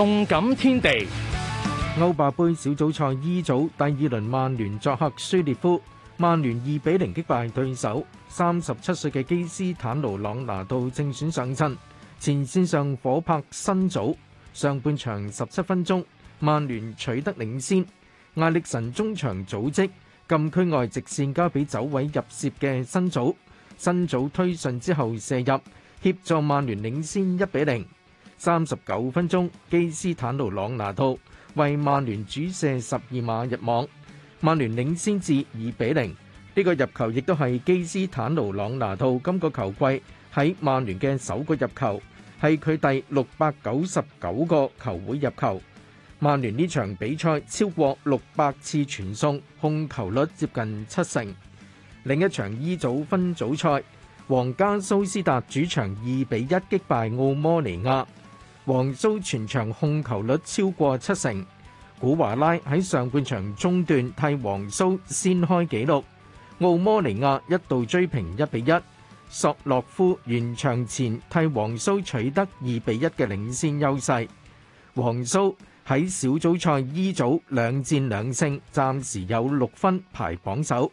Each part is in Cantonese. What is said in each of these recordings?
動感天地，歐霸盃小組賽 E 組第二輪，曼聯作客舒列夫。曼聯二比零擊敗對手。三十七歲嘅基斯坦奴·朗拿度正選上陣。前綫上火拍新祖。上半場十七分鐘，曼聯取得領先。艾力臣中場組織，禁區外直綫交俾走位入楔嘅新祖。新祖推進之後射入，協助曼聯領先一比零。三十九分鐘，基斯坦奴朗拿度為曼聯主射十二碼入網，曼聯領先至二比零。呢、這個入球亦都係基斯坦奴朗拿度今個球季喺曼聯嘅首個入球，係佢第六百九十九個球會入球。曼聯呢場比賽超過六百次傳送，控球率接近七成。另一場 E 組分組賽，皇家蘇斯達主場二比一擊敗奧摩尼亞。皇蘇全場控球率超過七成，古華拉喺上半場中段替皇蘇先開紀錄，奧摩尼亞一度追平一比一，索洛夫完場前替皇蘇取得二比一嘅領先優勢。皇蘇喺小組賽 E 組兩戰兩勝，暫時有六分排榜首。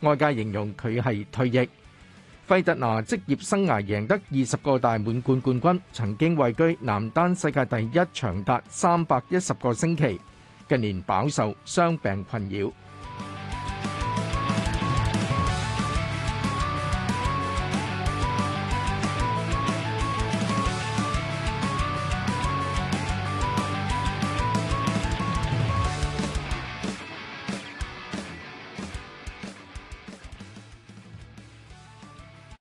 外界形容佢係退役。費特拿職業生涯贏得二十個大滿貫冠軍，曾經位居男單世界第一長達三百一十個星期，近年飽受傷病困擾。